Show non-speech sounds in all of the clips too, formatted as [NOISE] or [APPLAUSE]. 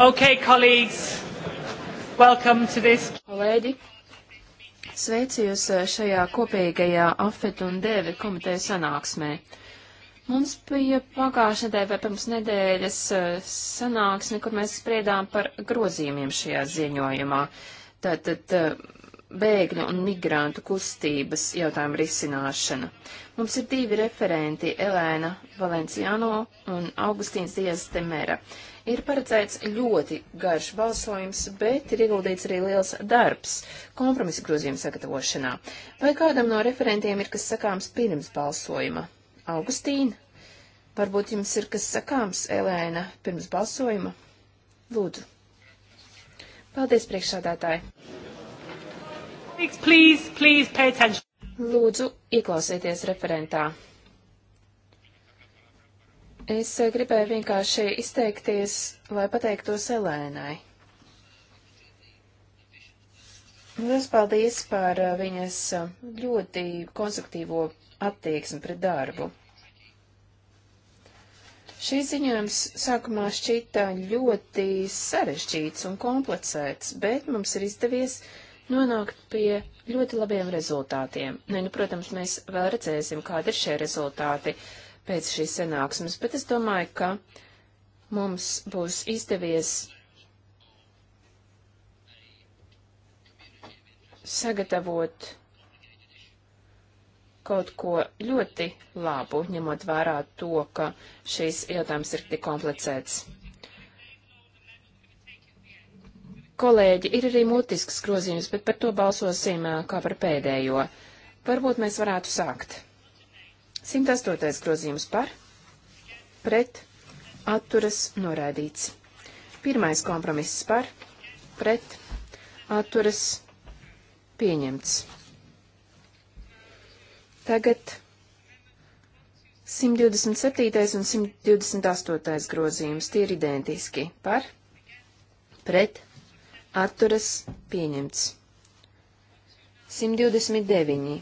Okay, colleagues, welcome to this. Kolēģi, sveicu jūs eh, šajā kopīgajā AFET un DV komiteja sanāksmē. Mums bija pagājušajā nedēļā vai pirms nedēļas eh, sanāksme, kur mēs spriedām par grozījumiem šajā ziņojumā. Tātad eh, bēgļu un migrantu kustības jautājumu risināšana. Mums ir divi referenti - Elēna Valenciano un Augustīns Dias Temera. Ir paredzēts ļoti garš balsojums, bet ir ieguldīts arī liels darbs kompromisa grozījuma sagatavošanā. Vai kādam no referentiem ir kas sakāms pirms balsojuma? Augustīna, varbūt jums ir kas sakāms, Elēna, pirms balsojuma? Lūdzu. Paldies, priekšsādātāji! Colleagues, please, please pay attention. Lūdzu, ieklausieties referentā. Es eh, gribēju vienkārši izteikties, lai pateiktos Elēnai. Lielas paldies par eh, viņas eh, ļoti konstruktīvo attieksmi pret darbu. Šīs ziņojums sākumā šķita ļoti sarežģīts un komplicēts, bet mums ir izdevies uh, nonākt pie ļoti labiem rezultātiem. Ne, nu, nu, protams, mēs vēl redzēsim, kādi ir šie rezultāti pēc šīs sanāksmes, bet es domāju, ka mums būs izdevies sagatavot kaut ko ļoti labu, ņemot vērā to, ka šīs jautājums ir tik komplicēts. Kolēģi, ir arī mutisks grozījums, bet par to balsosim kā par pēdējo. Varbūt mēs varētu sākt. 108. grozījums par, pret, atturas noraidīts. Pirmais kompromiss par, pret, atturas pieņemts. Tagad 127. un 128. grozījums tie ir identiski par, pret, atturas pieņemts. 129.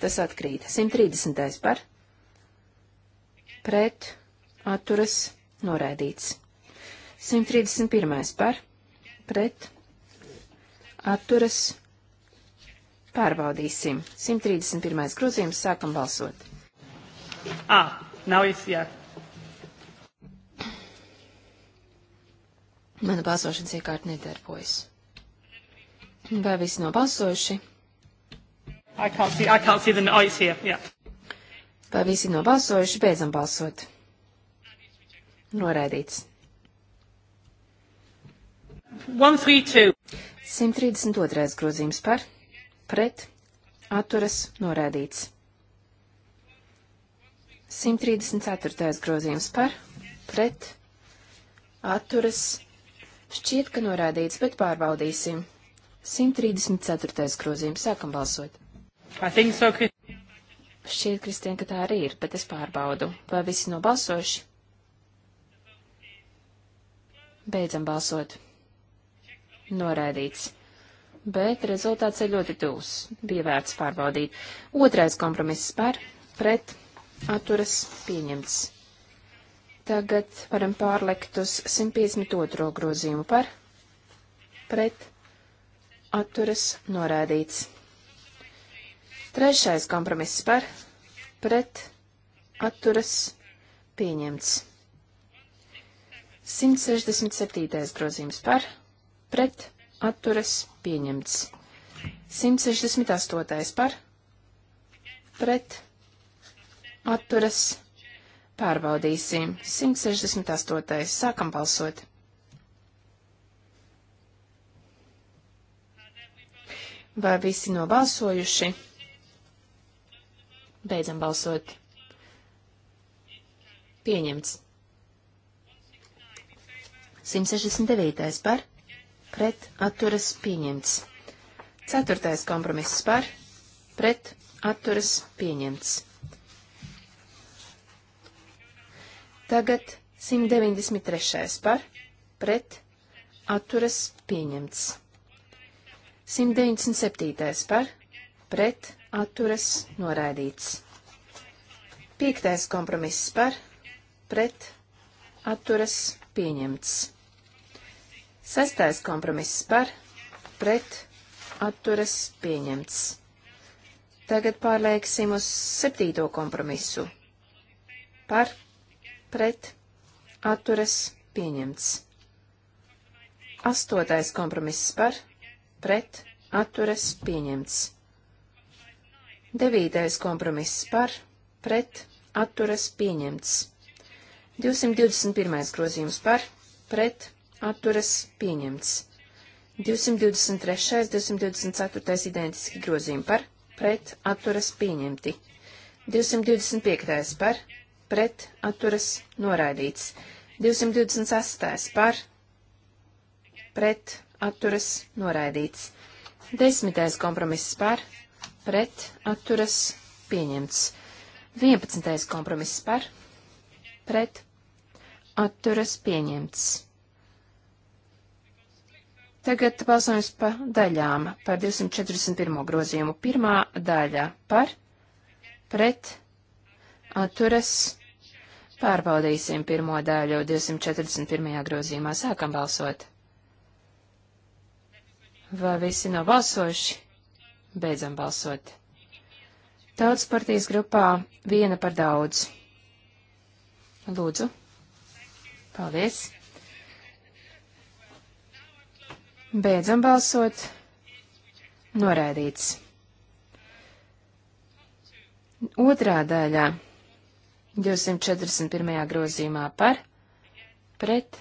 Tas atkrīt. 130. par. Pret. Atturas. Noraidīts. 131. par. Pret. Atturas. Pārbaudīsim. 131. grozījums. Sākam balsot. Ah, nav izsjā. Mana balsošanas iekārta nedarbojas. Vai visi nobalsojuši? I can't see, I can't see the eyes here, yeah. Vai visi nobalsojuši? Beidzam balsot. Noraidīts. 132. 132. grozījums par, pret, atturas, noraidīts. 134. grozījums par, pret, atturas, šķiet, ka noraidīts, bet pārbaudīsim. 134. grozījums. Sākam balsot. So, Šķiet, Kristien, ka tā arī ir, bet es pārbaudu. Vai visi nobalsojuši? Beidzam balsot. Noraidīts. Bet rezultāts ir ļoti tūs. Bija vērts pārbaudīt. Otrais kompromiss par, pret, atturas, pieņemts. Tagad varam pārlekt uz 152. grozījumu par, pret, atturas norādīts. Trešais kompromiss par pret atturas pieņemts. 167. grozījums par pret atturas pieņemts. 168. par pret atturas pārbaudīsim. 168. sākam balsot. Vai visi nobalsojuši? Beidzam balsot. Pieņemts. 169. par, pret, atturas, pieņemts. 4. kompromiss par, pret, atturas, pieņemts. Tagad 193. par, pret, atturas, pieņemts. 197. par pret atturas noraidīts. 5. kompromiss par pret atturas pieņemts. 6. kompromiss par pret atturas pieņemts. Tagad pārlieksim uz 7. kompromisu par pret atturas pieņemts. 8. kompromiss par pret pret, atturas pieņemts. Devītais kompromiss par, pret, atturas pieņemts. 221. grozījums par, pret, atturas pieņemts. 223. 224. identiski grozījumi par, pret, atturas pieņemti. 225. par, pret, atturas noraidīts. 228. par, pret, atturas noraidīts. Desmitais kompromiss par, pret, atturas pieņemts. Vienpadsmitais kompromiss par, pret, atturas pieņemts. Tagad balsojums pa daļām par 241. grozījumu. Pirmā daļa par, pret, atturas pieņemts. Pārbaudīsim pirmo daļu 241. grozījumā. Sākam balsot. Vai visi nav balsojuši? Beidzam balsot. Tautas partijas grupā viena par daudz. Lūdzu. Paldies. Beidzam balsot. Noraidīts. Otrā daļā 241. grozījumā par, pret,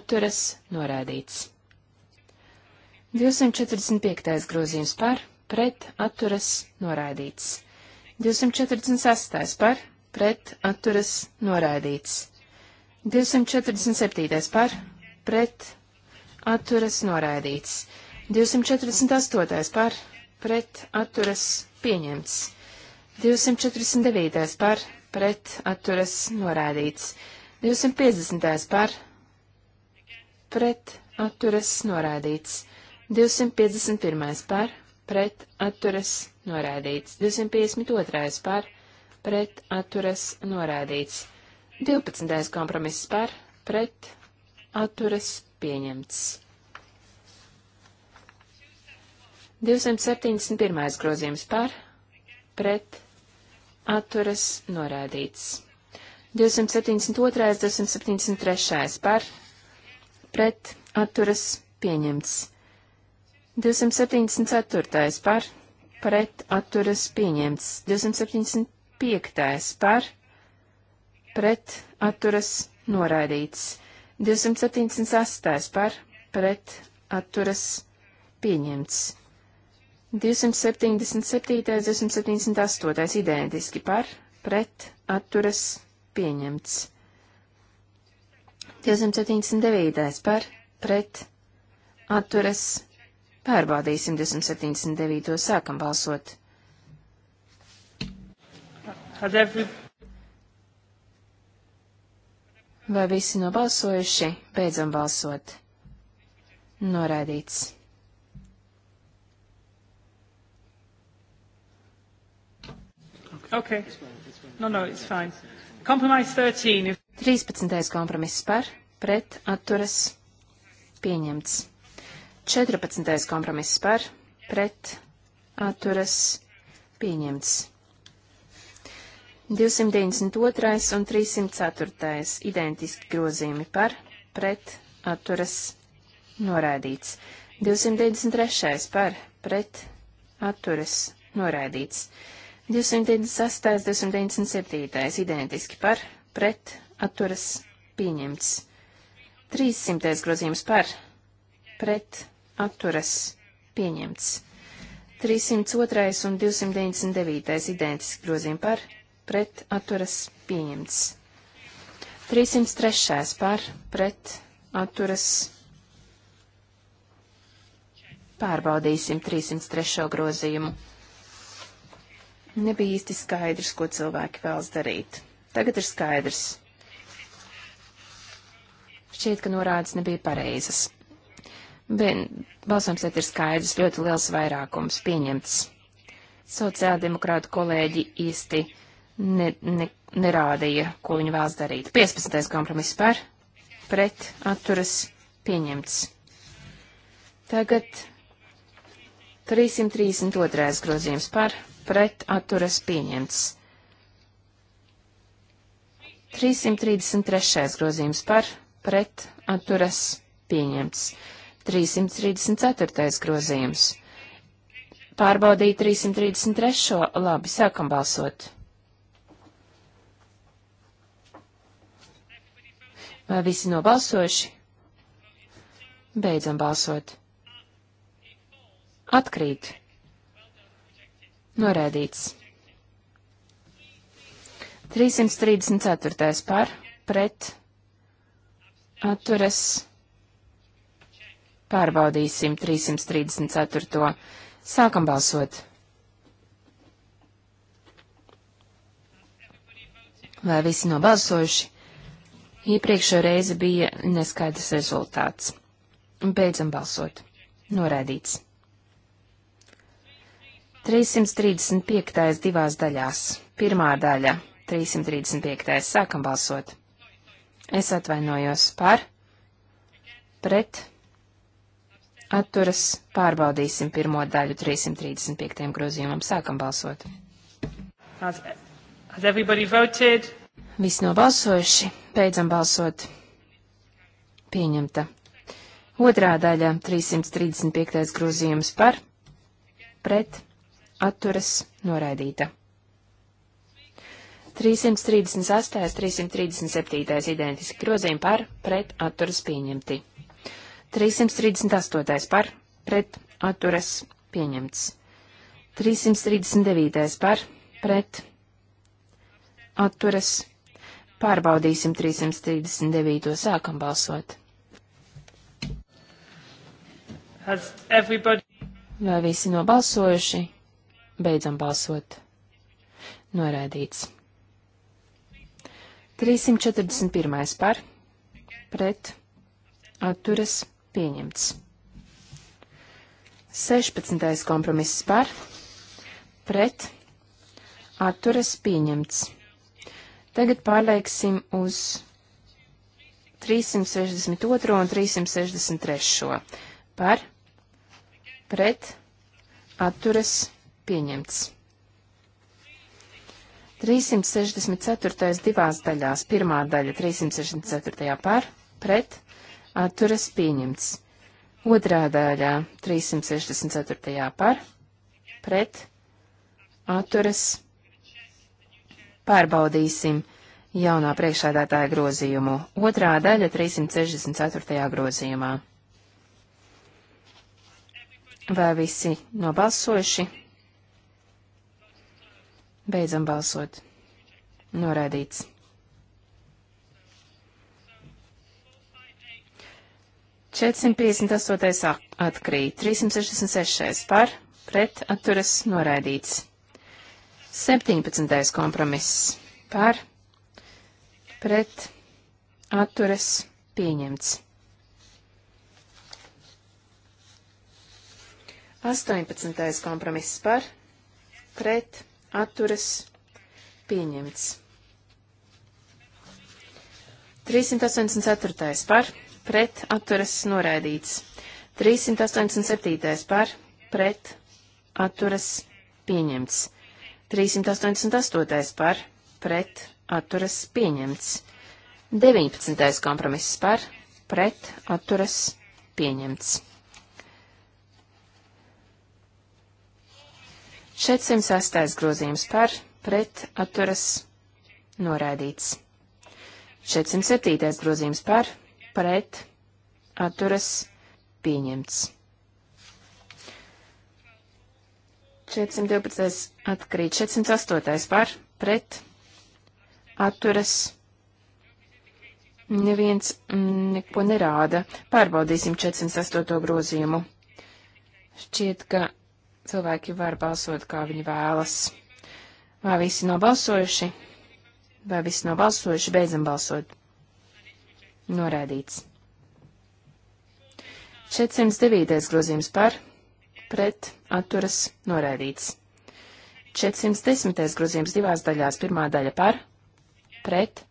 atturas, noraidīts. 245. grozījums par, pret, atturas, noraidīts. 246. par, pret, atturas, noraidīts. 247. par, pret, atturas, noraidīts. 248. par, pret, atturas, pieņemts. 249. par, pret, atturas, noraidīts. 250. par, pret, atturas, noraidīts. 251. par, pret atturas norādīts. 252. par, pret atturas norādīts. 12. kompromiss par, pret atturas pieņemts. 271. grozījums par, pret atturas norādīts. 272. 273. par, pret atturas pieņemts. 274. par pret atturas pieņemts. 275. par pret atturas noraidīts. 278. par pret atturas pieņemts. 277. 278. identiski par pret atturas pieņemts. 279. par pret atturas pieņemts. Pārbaudīsim 279. sākam balsot. Vai visi nobalsojuši? Beidzam balsot. Noraidīts. Okay. No, no, it's fine. Compromise 13. 13. kompromiss par, pret, atturas, pieņemts. 14. kompromiss par, pret, atturas, pieņemts. 292. un 304. identiski grozījumi par, pret, atturas, noraidīts. 293. par, pret, atturas, noraidīts. 298. 297. identiski par, pret, atturas, pieņemts. 300. grozījums par, pret, atturas pieņemts. 302. un 299. identiski grozījumi par, pret atturas pieņemts. 303. par, pret atturas pārbaudīsim 303. grozījumu. Nebija īsti skaidrs, ko cilvēki vēlas darīt. Tagad ir skaidrs. Šķiet, ka norādes nebija pareizas. Balsojums šeit ir skaidrs, ļoti liels vairākums pieņemts. Sociāldemokrāta kolēģi īsti ne, ne, nerādīja, ko viņi vēlas darīt. 15. kompromiss par, pret, atturas, pieņemts. Tagad 332. grozījums par, pret, atturas, pieņemts. 333. grozījums par, pret, atturas, pieņemts. 334. grozījums. Pārbaudīt 333. Labi, sākam balsot. Vai visi nobalsojuši? Beidzam balsot. Atkrīt. Norēdīts. 334. par, pret, atturas Pārbaudīsim 334. Sākam balsot. Vai visi nobalsojuši? Iepriekšējā reize bija neskaidrs rezultāts. Beidzam balsot. Noraidīts. 335. divās daļās. Pirmā daļa. 335. Sākam balsot. Es atvainojos par, pret, atturas pārbaudīsim pirmo daļu 335. grozījumam. Sākam balsot. Has, has everybody voted? Visi nobalsojuši, beidzam balsot. Pieņemta. Otrā daļā 335. grozījums par, pret, atturas, noraidīta. 338, 337 identiski grozījumi par, pret, atturas pieņemti. 338. par pret atturas pieņemts. 339. par pret atturas. Pārbaudīsim 339. sākam balsot. Vai visi nobalsojuši? Beidzam balsot. Noraidīts. 341. par pret atturas Pieņemts. 16. kompromiss par, pret, atturas pieņemts. Tagad pārlieksim uz 362 un 363 par, pret, atturas pieņemts. 364. divās daļās, pirmā daļa 364. par, pret, atturas pieņemts. Otrā daļā 364. par, pret, atturas pārbaudīsim jaunā priekšādātāja grozījumu. Otrā daļa 364. grozījumā. Vai visi nobalsojuši? Beidzam balsot. Noraidīts. 458. atkrīt, 366. par, pret, atturas, noraidīts. 17. kompromiss par, pret, atturas, pieņemts. 18. kompromiss par, pret, atturas, pieņemts. 384. par, pret atturas noraidīts. 387. par pret atturas pieņemts. 388. par pret atturas pieņemts. 19. kompromiss par pret atturas pieņemts. 406. grozījums par pret atturas noraidīts. 407. grozījums par pret, atturas, pieņemts. 412. atkrīt, 408. par, pret, atturas, neviens mm, neko nerāda. Pārbaudīsim 408. grozījumu. Šķiet, ka cilvēki var balsot, kā viņi vēlas. Vai visi nobalsojuši? Vai visi nobalsojuši? Beidzam balsot. Norādīts. 409. grozījums par, pret, atturas, norādīts. 410. grozījums divās daļās. Pirmā daļa par, pret,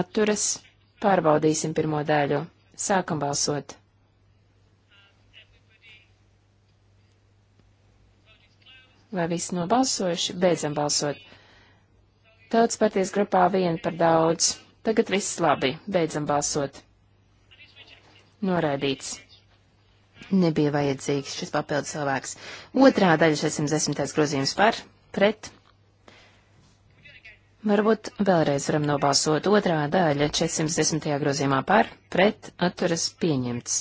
atturas, pārbaudīsim pirmo daļu. Sākam balsot. Vai visi nobalsojuši? Beidzam balsot. Tautas partijas grupā vien par daudz. Tagad viss labi, beidzam balsot. Noraidīts. Nebija vajadzīgs šis papildu cilvēks. Otrā daļa 610. grozījums par, pret. Varbūt vēlreiz varam nobalsot. Otrā daļa 410. grozījumā par, pret, atturas pieņemts.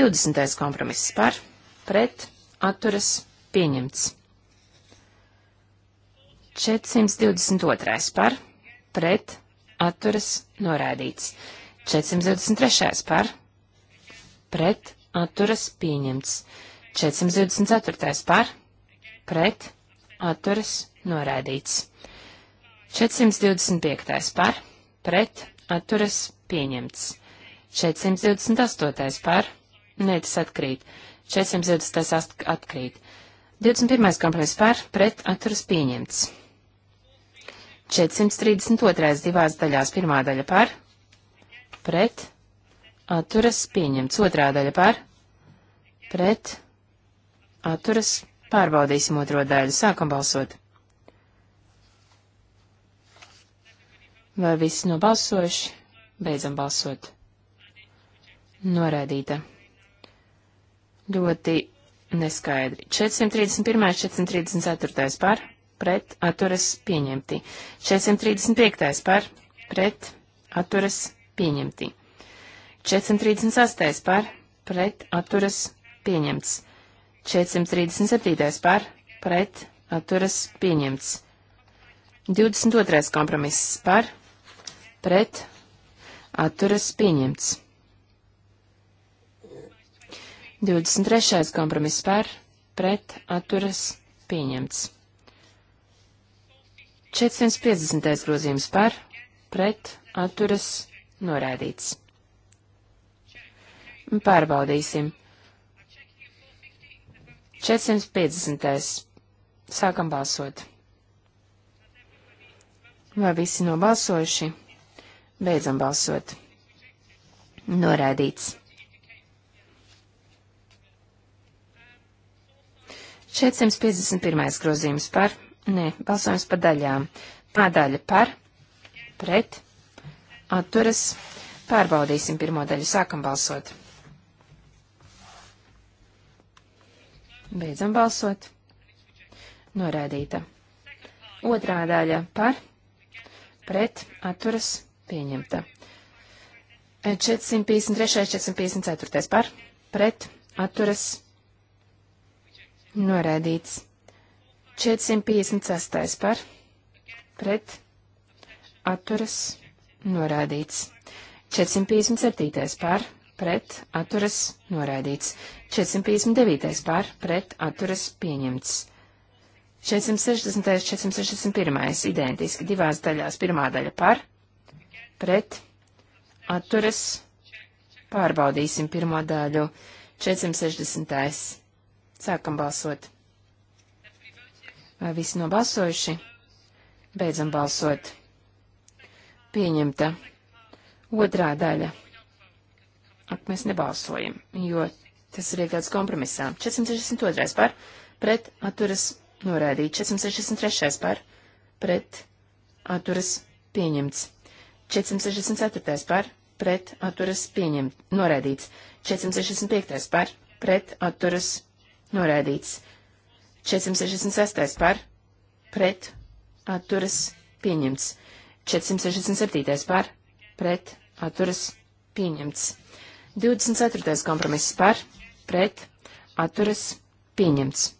20. kompromiss par, pret, atturas pieņemts. 422. par, pret, atturas norādīts. 423. par pret atturas pieņemts. 424. par pret atturas norādīts. 425. par pret atturas pieņemts. 428. par nē, tas atkrīt. 428. atkrīt. 21. kompromiss par pret atturas pieņemts. 432. divās daļās. Pirmā daļa par, pret, atturas pieņemts. Otrā daļa par, pret, atturas pārbaudīsim otro daļu. Sākam balsot. Vai visi nobalsojuši? Beidzam balsot. Noraidīta. Ļoti neskaidri. 431. 434. par pret atturas pieņemti. 435. par pret atturas pieņemti. 438. par pret atturas pieņemts. 437. par pret atturas pieņemts. 22. kompromiss par pret atturas pieņemts. 23. kompromiss par pret atturas pieņemts. 450. grozījums par, pret, atturas, norādīts. Pārbaudīsim. 450. Sākam balsot. Vai visi nobalsojuši? Beidzam balsot. Norādīts. 451. grozījums par Nē, balsojums pa daļām. Pādaļa par, pret, atturas. Pārbaudīsim pirmo daļu. Sākam balsot. Beidzam balsot. Norādīta. Otrā daļa par, pret, atturas, pieņemta. 453, 454 par, pret, atturas, norādīts. 456. par pret atturas norādīts. 457. par pret atturas norādīts. 459. par pret atturas pieņemts. 460. 461. identiski divās daļās. Pirmā daļa par pret atturas pārbaudīsim pirmo daļu. 460. Sākam balsot. Vai visi nobalsojuši? Beidzam balsot. Pieņemta. Otrā daļa. Ak, mēs nebalsojam, jo tas ir iekļauts kompromisā. 462. par pret atturas norādīt. 463. par pret atturas pieņemts. 464. par pret atturas pieņemt norādīts. 465. par pret atturas norādīts. 466. par pret atturas pieņemts. 467. par pret atturas pieņemts. 24. kompromiss par pret atturas pieņemts.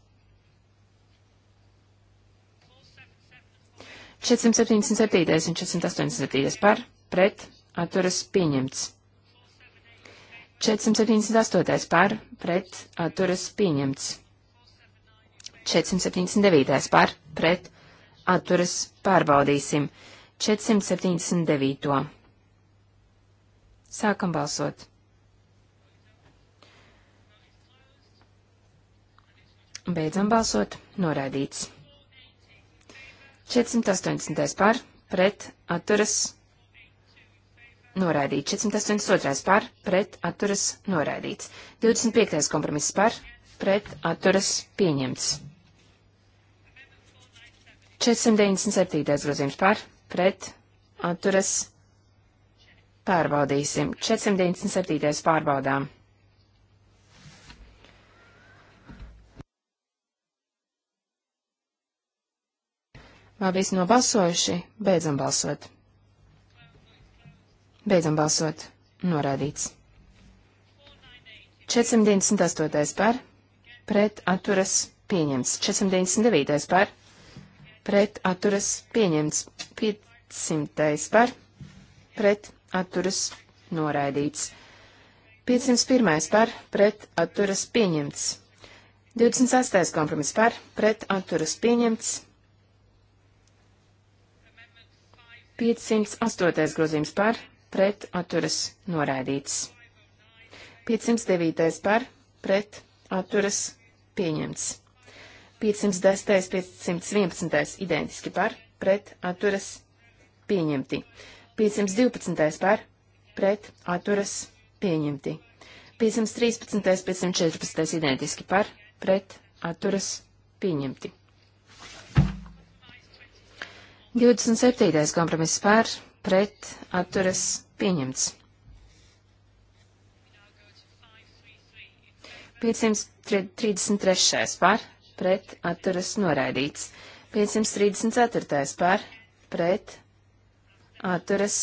477. un 487. par pret atturas pieņemts. 478. par pret atturas pieņemts. 479. par pret atturas pārbaudīsim. 479. Sākam balsot. Beidzam balsot. Noraidīts. 480. par pret atturas noraidīts. 482. par pret atturas noraidīts. 25. kompromiss par pret atturas pieņemts. 497. grozījums par, pret, atturas, pārbaudīsim. 497. pārbaudām. Vai visi nobalsojuši? Beidzam balsot. Beidzam balsot. Norādīts. 498. par, pret atturas pieņemts. 499. par, pret atturas pieņemts. 500. par pret atturas noraidīts. 501. par pret atturas pieņemts. 28. kompromiss par pret atturas pieņemts. 508. grozījums par pret atturas noraidīts. 509. par pret atturas pieņemts. 510, 511 identiski par, pret, atturas, pieņemti. 512 par, pret, atturas, pieņemti. 513, 514 identiski par, pret, atturas, pieņemti. 27. kompromiss par, pret, atturas, pieņemts. 533 par, pret atturas noraidīts. 534. par pret atturas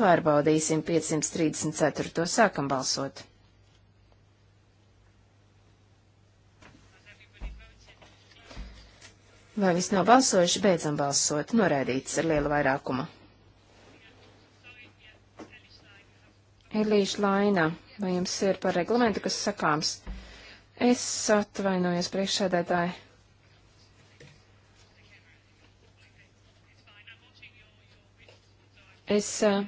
pārbaudīsim 534. To sākam balsot. Vai viss nav balsojuši, beidzam balsot, noraidīts ar lielu vairākumu. Elīša Laina, vai jums ir par reglamentu, kas sakāms? Es atvainojos priekšsēdētāji. Es uh,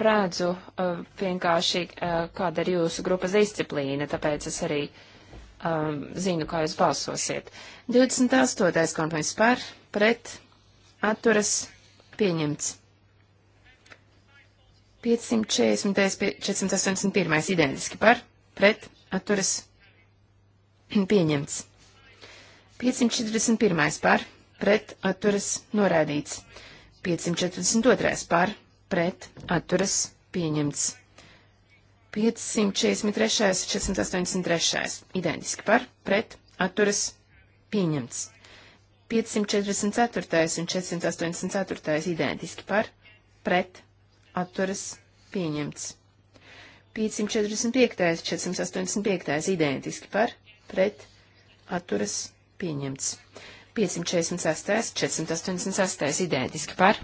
redzu uh, vienkārši, uh, kāda ir jūsu grupas disciplīna, tāpēc es arī um, zinu, kā jūs balsosiet. 28. kompromiss par, pret, atturas, pieņemts. 540. 481. identiski par, pret, atturas, pieņemts [CLEARS THROAT] Pieņemts. 541. par, pret, atturas, norādīts. 542. par, pret, atturas, pieņemts. 543. 483. identiski par, pret, atturas, pieņemts. 544. un 484. identiski par, pret, atturas, pieņemts. 545. 485. identiski par, pret atturas pieņemts. 546, 488 identiski par,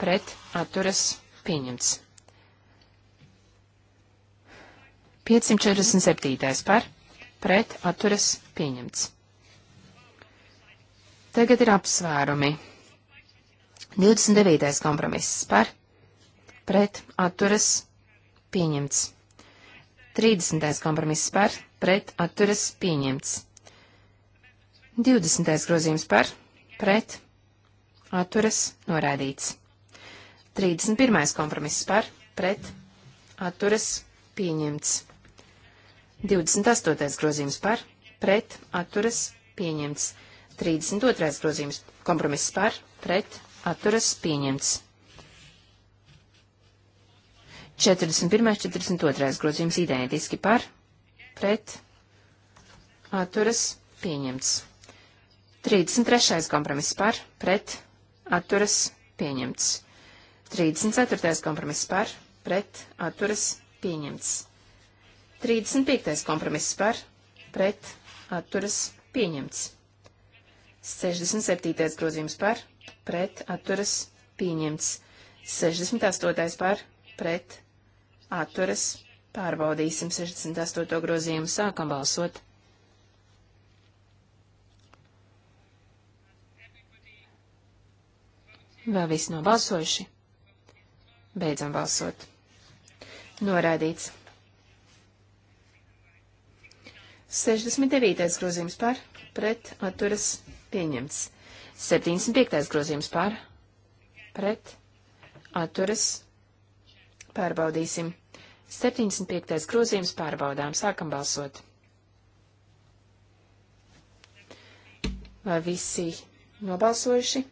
pret atturas pieņemts. 547 par, pret atturas pieņemts. Tagad ir apsvērumi. 29. kompromiss par, pret atturas pieņemts. 30. kompromiss par, pret atturas pieņemts. 20. grozījums par pret atturas noraidīts. 31. kompromiss par pret atturas pieņemts. 28. grozījums par pret atturas pieņemts. 32. grozījums kompromiss par pret atturas pieņemts. 41. 42. grozījums identiski par pret atturas pieņemts. 33. kompromiss par pret atturas pieņemts. 34. kompromiss par pret atturas pieņemts. 35. kompromiss par pret atturas pieņemts. 67. grozījums par, pret, atturas, pieņemts. 68. par, pret, atturas, Pārbaudīsim 68. grozījumu, sākam balsot. Vēl viss nav balsojuši. Beidzam balsot. Noraidīts. 69. grozījums par, pret, atturas, pieņemts. 75. grozījums par, pret, atturas, pārbaudīsim. 75. grozījums pārbaudām. Sākam balsot. Vai visi nobalsojuši?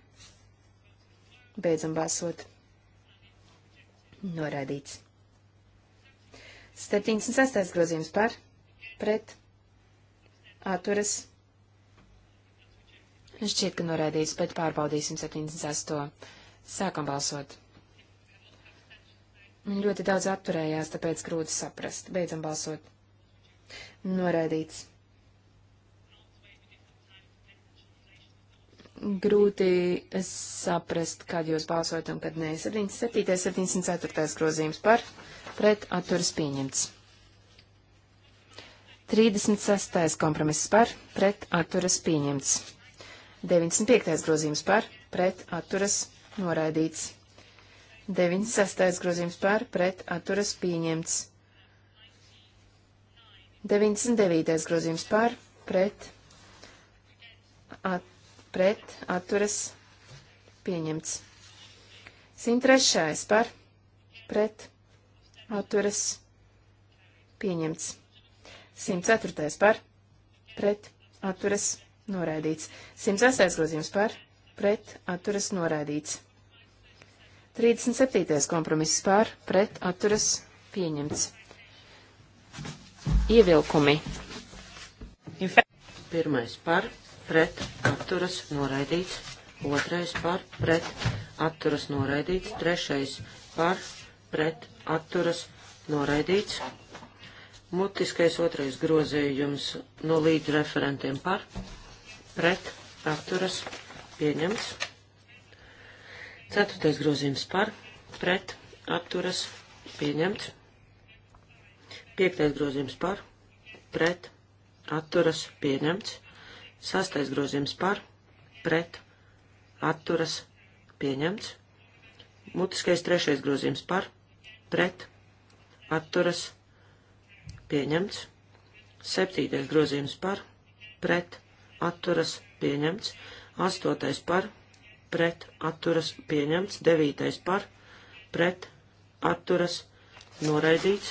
Beidzam balsot. Norādīts. 76. grozījums par, pret, atturas. Šķiet, ka norādīts, bet pārbaudīsim 76. Sākam balsot. Ļoti daudz atturējās, tāpēc grūti saprast. Beidzam balsot. Noraidīts. grūti saprast, kad jūs balsojat un kad nē. 77. 74. grozījums par pret atturas pieņemts. 36. kompromiss par pret atturas pieņemts. 95. grozījums par pret atturas noraidīts. 96. grozījums par pret atturas pieņemts. 99. grozījums par pret, at, pret atturas pieņemts. 103. par pret atturas pieņemts. 104. par pret atturas noraidīts. 106. grozījums par pret atturas noraidīts. 37. kompromiss pār pret atturas pieņemts. Ievilkumi. Pirmais par pret atturas noraidīts. Otrais par pret atturas noraidīts. Trešais par pret atturas noraidīts. Mutiskais otrais grozījums no līdz referentiem par pret atturas pieņemts. Ceturtais grozījums par, pret, atturas, pieņemts. Piektais grozījums par, pret, atturas, pieņemts. Sastais grozījums par, pret, atturas, pieņemts. Mutiskais trešais grozījums par, pret, atturas, pieņemts. Septītais grozījums par, pret, atturas, pieņemts. Astotais par, pret pret atturas pieņemts, 9. par pret atturas noraidīts.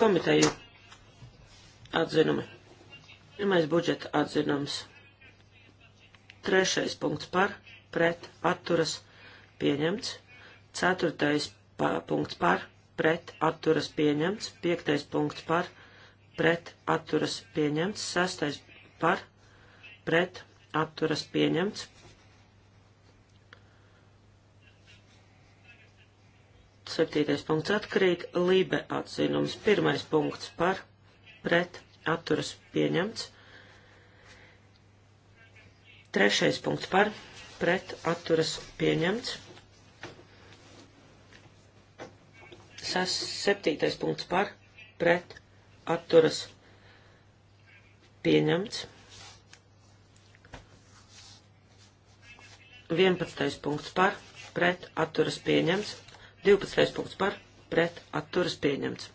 Komiteju atzinumi. Pirmais budžeta atzinums. Trešais punkts par pret atturas pieņemts. Ceturtais punkts par pret atturas pieņemts. Piektais punkts par pret pret atturas pieņemts, sastais par pret atturas pieņemts. Septītais punkts atkrīt, lībe atzinums, pirmais punkts par pret atturas pieņemts. Trešais punkts par pret atturas pieņemts. Sas, septītais punkts par pret atturas pieņemts. 11. punkts par, pret, atturas pieņemts. 12. punkts par, pret, atturas pieņemts.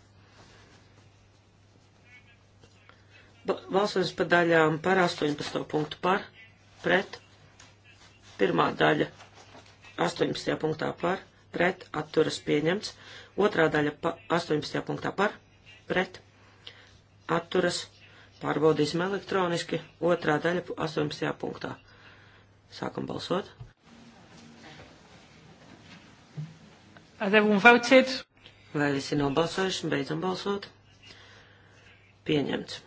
Balsojums pa daļām par 18. punktu par, pret, pirmā daļa 18. punktā par, pret, atturas pieņemts. Otrā daļa pa 18. punktā par, pret, atturas pieņemts atturas, pārbaudīsim elektroniski, otrā daļa 18. punktā. Sākam balsot. Vai visi nobalsojuši? Beidzam balsot. Pieņemts.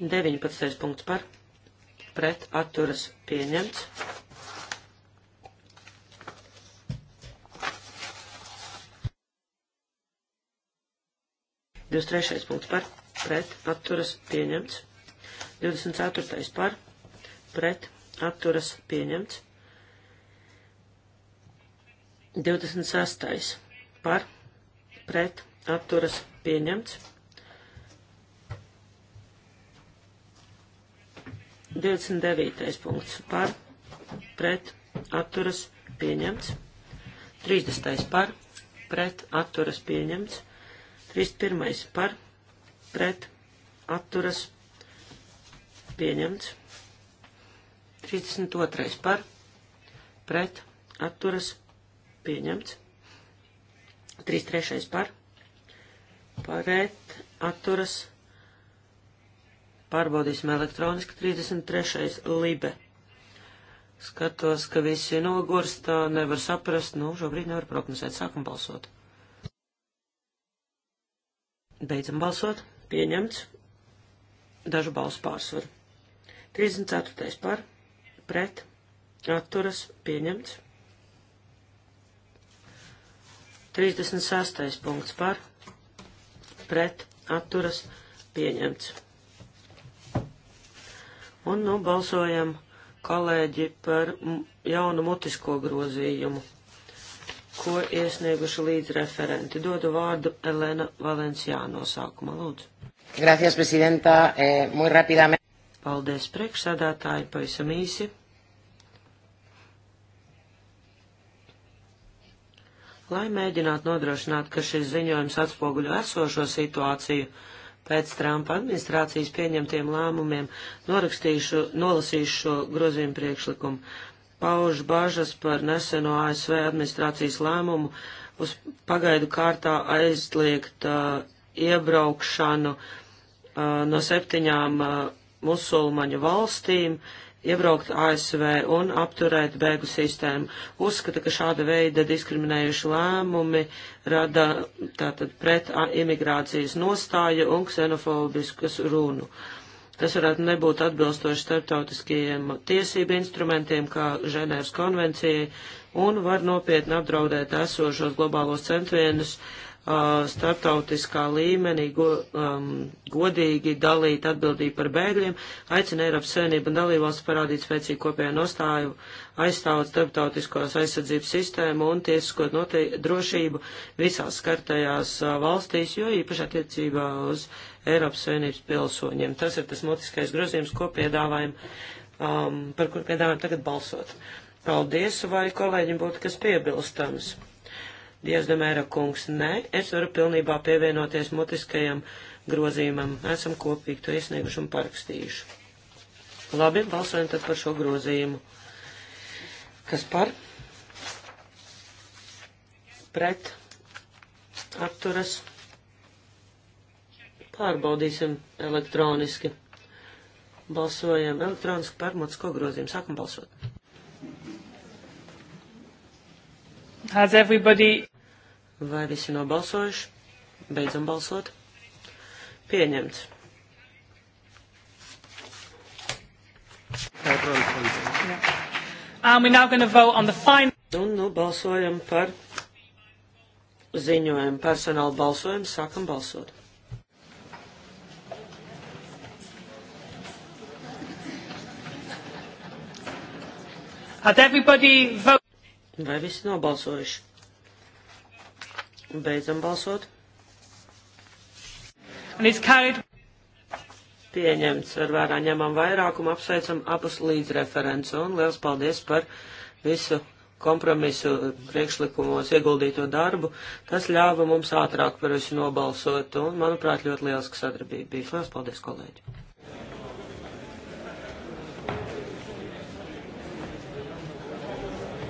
19. punkts par pret atturas pieņemts. 23. punkts par, pret, atturas, pieņemts. 24. par, pret, atturas, pieņemts. 26. par, pret, atturas, pieņemts. 29. punkts par, pret, atturas, pieņemts. 30. par, pret, atturas, pieņemts. 31. par, pret, atturas, pieņemts. 32. par, pret, atturas, pieņemts. 33. par, pret, atturas, pārbaudīsim elektroniski. 33. libe. Skatos, ka visi nogurst, nevar saprast, nu, šobrīd nevar prognozēt, sākam balsot. Beidzam balsot. Pieņemts. Dažu balsu pārsvaru. 34. par. Pret. Atturas. Pieņemts. 36. punkts par. Pret. Atturas. Pieņemts. Un nu balsojam kolēģi par jaunu mutisko grozījumu ko iesnieguši līdzreferenti. Dodu vārdu Elena Valenciāno sākuma lūdzu. Gracias, prezidenta. Eh, muy rapidamente. Paldies, priekšsādātāji, pavisam īsi. Lai mēģinātu nodrošināt, ka šis ziņojums atspoguļo esošo situāciju, pēc Trumpa administrācijas pieņemtiem lēmumiem nolasīšu šo grozījumu priekšlikumu pauž bažas par neseno ASV administrācijas lēmumu uz pagaidu kārtā aizliegt uh, iebraukšanu uh, no septiņām uh, musulmaņu valstīm, iebraukt ASV un apturēt bēgu sistēmu. Uzskata, ka šāda veida diskriminējuši lēmumi rada tātad pret imigrācijas nostāju un ksenofobiskas runu. Uh, Tas varētu nebūt atbilstoši starptautiskajiem tiesību instrumentiem, kā Ženēvas konvencijai, un var nopietni apdraudēt esošos globālos centienus uh, starptautiskā līmenī go, um, godīgi dalīt atbildību par bēgļiem, aicina Eiropas Savienību un dalībvalsts parādīt spēcīgu kopējo nostāju, aizstāvot starptautiskos aizsardzības sistēmu un tiesisko drošību visās skartajās uh, valstīs, jo īpaši attiecībā uz uh, Eiropas Savienības pilsoņiem. Tas ir tas motiskais grozījums, ko piedāvājam, um, par kur piedāvājam tagad balsot. Paldies, vai kolēģim būtu kas piebilstams? Diezdemēra kungs, nē, es varu pilnībā pievienoties motiskajam grozījumam. Esam kopīgi to iesnieguši un parakstījuši. Labi, balsojam tad par šo grozījumu. Kas par? Pret? Atturas? Pārbaudīsim elektroniski. Balsojam elektroniski par Motsko grozījumu. Sākam balsot. Has everybody... Vai visi nobalsojuši? Beidzam balsot. Pieņemts. Un nu balsojam par ziņojumu. Personāla balsojumu sākam balsot. Had everybody vote? Vai visi nobalsojuši? Beidzam balsot. And it's carried. Pieņemts ar vērā ņemam vairākumu, apsveicam abus līdzreferents un liels paldies par visu kompromisu priekšlikumos ieguldīto darbu. Tas ļāva mums ātrāk par visu nobalsot un, manuprāt, ļoti lieliska sadarbība bija. Liels paldies, kolēģi!